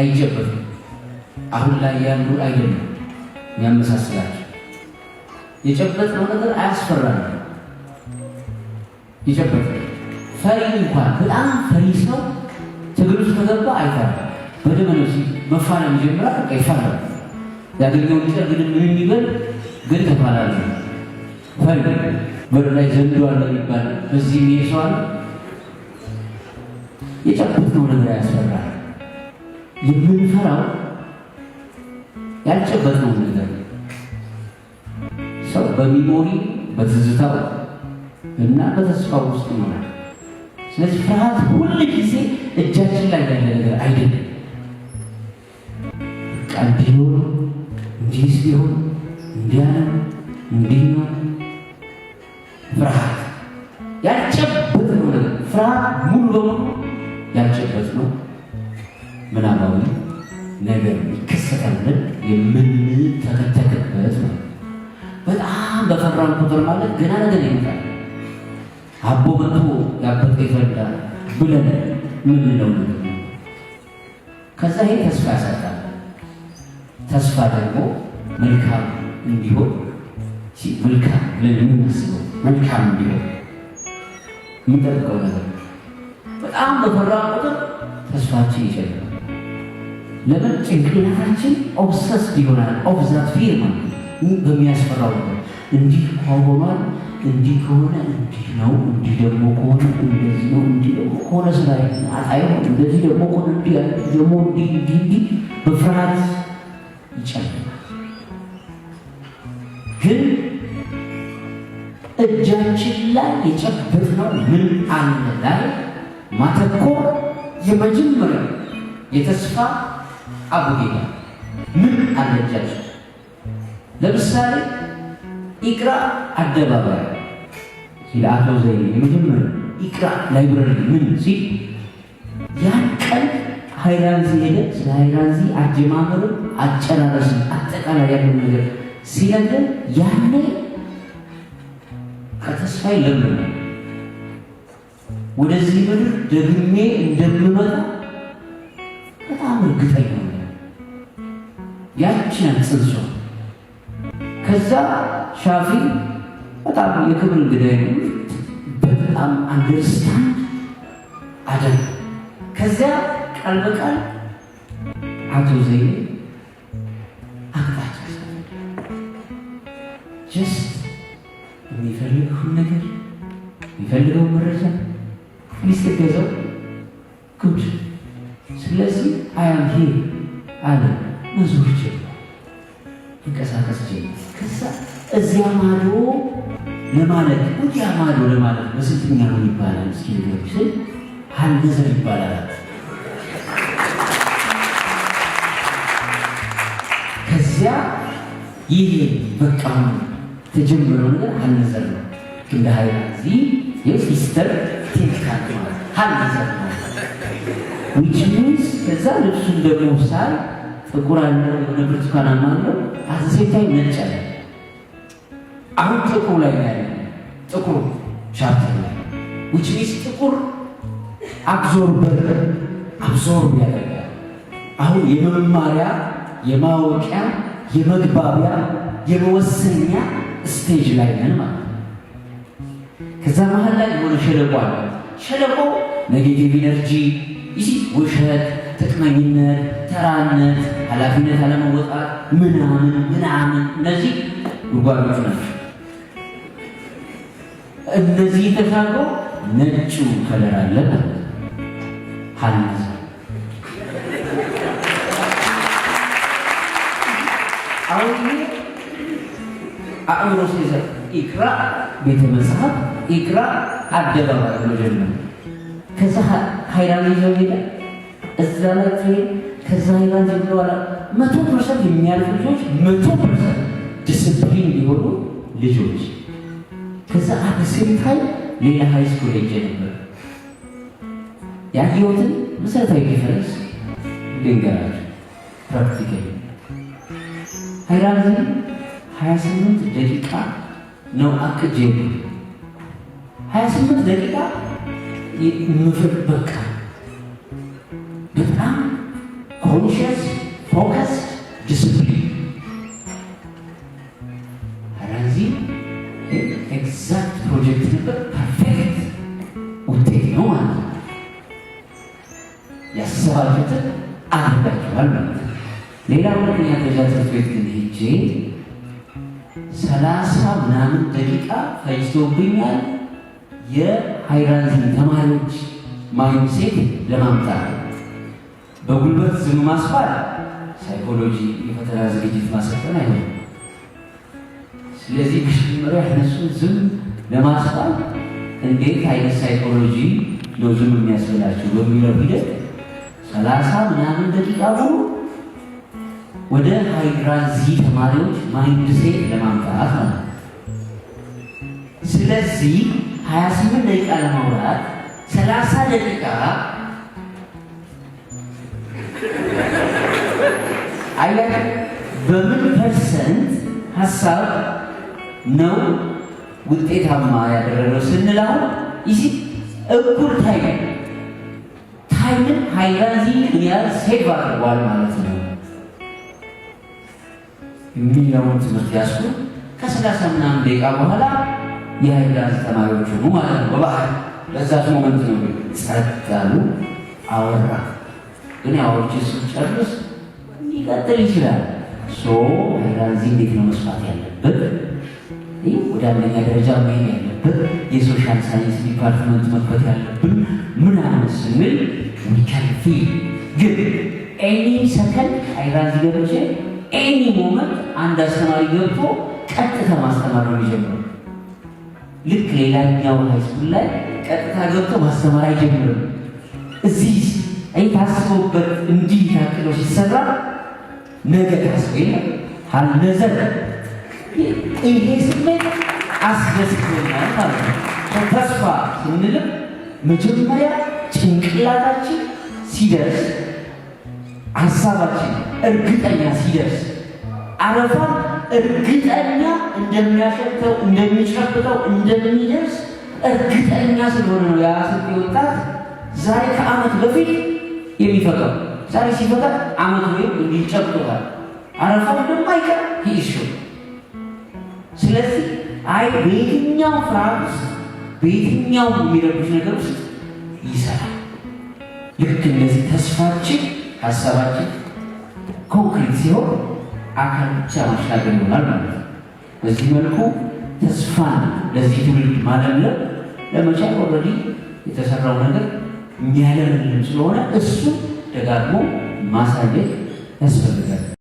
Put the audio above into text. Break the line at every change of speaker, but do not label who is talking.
አይጨበጡም። አሁን ላይ ያሉ አይደለም የሚያመሳስላቸው። የጨበጥነው ነገር አያስፈራም። የጨበጥ ፈሪ እንኳን በጣም ፈሪ ሰው ትግል ውስጥ ከገባ አይፈራም። በደመ ነፍስ መፋለም ጀምራ ይፈራል። ያገኘው ሊጠር ግን ምን የሚበል ግን ተፋላለ ፈሪ በር ላይ ዘንዶ አለ ይባላል። በዚህ የሚሄድ ሰው አለ። የጨበጥነው ነገር አያስፈራም። የምንፈራው ያልጨበጥነው ነገር ሰው በሚሞሪ በትዝታው እና በተስፋው ውስጥ ይሆናል። ስለዚህ ፍርሃት ሁል ጊዜ እጃችን ላይ ያለ ነገር አይደለም። ቃል ቢሆን እንዲህ ሲሆን እንዲያ ነው እንዲህ ነው ፍርሃት የምንተከተክበት ነው። በጣም በፈራን ቁጥር ማለት ገና ነገር ይመጣል። አቦ መጥቶ ያበጠ ይፈርዳል ብለን የምንለው ከዛ ይሄ ተስፋ ያሳጣል። ተስፋ ደግሞ መልካም እንዲሆን መልካም ብለን የምናስበው መልካም እንዲሆን የምንጠብቀው ነገር በጣም በፈራን ቁጥር ተስፋችን ይጨልማል። ለምን ጭንቅላታችን ኦብሰስድ ይሆናል። ኦብዛት ፊር በሚያስፈራው እንዲህ ሆኗል፣ እንዲህ ከሆነ እንዲህ ነው፣ እንዲህ ደግሞ ከሆነ እንደዚህ ነው፣ እንዲህ ደግሞ ከሆነ ስራ አይሆን፣ እንደዚህ ደግሞ ከሆነ ደግሞ እንዲህ እንዲህ እንዲህ በፍርሃት ይጨልማል። ግን እጃችን ላይ የጨበጥነው ምን አለ ላይ ማተኮር የመጀመሪያ የተስፋ አቡጌታ ምን አለቻቸው? ለምሳሌ ኢቅራ አደባባይ ሲል አቶ ዘይ የመጀመሪያ ኢቅራ ላይብረሪ ምን ሲል ያን ቀን ሃይራንዚ ሄደ። ስለ ሃይራንዚ አጀማመሩ፣ አጨራረሱ፣ አጠቃላይ ያለው ነገር ሲነገር ያለ ከተስፋዬ ለምን ወደዚህ ምድር ደግሜ እንደምመጣ በጣም እርግጠኛ ነው። ያችን ጽንሶ ከዛ ሻፊ በጣም የክብር እንግዳ በጣም አንደርስታንድ አደረገ። ከዚያ ቃል በቃል አቶ ዘይ አቅጣጫ ጀስት የሚፈልገውን ነገር የሚፈልገው መረጃ ሚስትገዛው ጉድ ስለዚህ አያም ሄ አለ መዞር ጀመረ፣ ይንቀሳቀስ ጀመረ። ከዛ እዚያ ማዶ ለማለት ወዲያ ማዶ ለማለት በስንተኛ ምን ይባላል እስኪ ልጆች ስል ሀልነዘር ይባላል። ከዚያ ይሄ በቃ ተጀመረው ነገር ሀልነዘር ነው። እንደ ሀይል የሲስተር ቴክታል ማለት ሀልነዘር ማለት ዊች ከዛ ልብሱን ደግሞ ሳይ ጥቁር አለ፣ ብርቱካናማ አለ። አዘሴት ላይ ነጭ አለ። አሁን ጥቁሩ ላይ ያለ ጥቁሩ ሻርት ላይ which means ጥቁር አብዞርበር አብዞርብ ያደርጋል። አሁን የመማሪያ የማወቂያ የመግባቢያ የመወሰኛ ስቴጅ ላይ ነን ማለት ነው። ከዛ መሀል ላይ የሆነ ሸለቆ አለ። ሸለቆ ኔጌቲቭ ኢነርጂ ይህ ውሸት ጥቅመኝነት፣ ተራነት፣ ኃላፊነት አለመወጣት ምናምን ምናምን እነዚህ ጉድጓዶች ናቸው። እነዚህ ተሻግሮ ነጩ ከለር አለ ሀነት አሁን አእምሮ ሲዘ ኢቅራ ቤተ መጽሐፍ ኢቅራ አደባባይ መጀመር ከዛ ሀይራን ይዘው ሄዳል እዛ ላይ ከዛ ይላንድ ይለዋል መቶ ፐርሰንት የሚያልፉ ልጆች መቶ ፐርሰንት ዲስፕሊን ሊሆኑ ልጆች ከዛ አክሲም ታይም ሌላ ሀይ ስኩል ሄጄ ነበር። ያየሁትን መሰረታዊ ዲፈረንስ ልንገራችሁ። ፕራክቲካል ሃይራርኪ ሀያ ደቂቃ ነው አቅጄ ሀያ ደቂቃ ምፍር በቃ በጣም ኮንሽስ ፎከስ ዲስፕሊን እዚህ ኤግዛክት ፕሮጀክት ነበር። ፐርፌክት ውጤት ነው ማለት ነው። ያሰባችሁትን አድርጋችኋል ማለት ነው። ሌላ ሁለተኛ ደረጃ ትምህርት ቤት ግን ሄጄ ሰላሳ ምናምን ደቂቃ ፈጅቶብኛል የሃይራንዚ ተማሪዎች ማይንሴት ለማምጣት በጉልበት ዝኑ ማስባል ሳይኮሎጂ የፈተና ዝግጅት ማሰልጠን አይሆንም። ስለዚህ መጀመሪያ እነሱን ዝም ለማስባል እንዴት አይነት ሳይኮሎጂ ነው ዝም የሚያስበላቸው በሚለው ሂደት ሰላሳ ምናምን ደቂቃ ሙሉ ወደ ሃይድራዚ ተማሪዎች ማይንድ ለማምጣት ማለት ስለዚህ 28 ደቂቃ ለማውራት ሰላሳ ደቂቃ አያ በምን ፐርሰንት ሀሳብ ነው ውጤታማ ያደረገው ስንላው ይህ እኩል ታይም ታይምን ሃይራዚ ያል ሴቭ አድርጓል ማለት ነው የሚለውን ትምህርት ያስኩ ከሰላሳ ምናምን ደቂቃ በኋላ የሃይራዚ ተማሪዎች ሆኑ ማለት ነው። በባህል በዛች ሞመንት ነው ጸጥ ያሉ አወራ ግን አወርቼ ስጨርስ ሊቀጥል ይችላል። ሶ ሀይራርኪ እንዴት ነው መስፋት ያለበት? ይህ ወደ አንደኛ ደረጃ መሄድ ያለበት የሶሻል ሳይንስ ዲፓርትመንት መክፈት ያለብን ምናምን ስንል ዊካንፊ ግን ኤኒ ሰከንድ አይራዚ ገብቼ ኤኒ ሞመንት አንድ አስተማሪ ገብቶ ቀጥታ ማስተማር ነው የሚጀምረው። ልክ ሌላኛው ሃይስኩል ላይ ቀጥታ ገብቶ ማስተማር አይጀምርም። እዚህ አይ ታስቦበት እንዲህ ታክለው ሲሰራ ነገ ታስቤ አልነዘር ይሄ ስሜት አስደስቶኛል ማለት ነው። ተስፋ ስንልም መጀመሪያ ጭንቅላታችን ሲደርስ ሀሳባችን እርግጠኛ ሲደርስ አረፋ እርግጠኛ እንደሚያሸተው እንደሚጨብጠው እንደሚደርስ እርግጠኛ ስለሆነ ነው ያ ወጣት ዛሬ ከዓመት በፊት የሚፈቀው ዛሬ ሲፈታ አመት ወይም እንዲጨብጦታል አረፋው አይቀር ይእሱ ስለዚህ አይ በየትኛው ፍርሃት ውስጥ በየትኛው የሚረብሽ ነገር ውስጥ ይሰራል። ልክ እንደዚህ ተስፋችን ሀሳባችን ኮንክሪት ሲሆን አካል ብቻ ማሻገር ይሆናል ማለት ነው። በዚህ መልኩ ተስፋን ለዚህ ትውልድ ማለምለም ለመቻል ኦልሬዲ የተሰራው ነገር የሚያለምልም ስለሆነ እሱ ደጋግሞ ማሳየት ያስፈልጋል።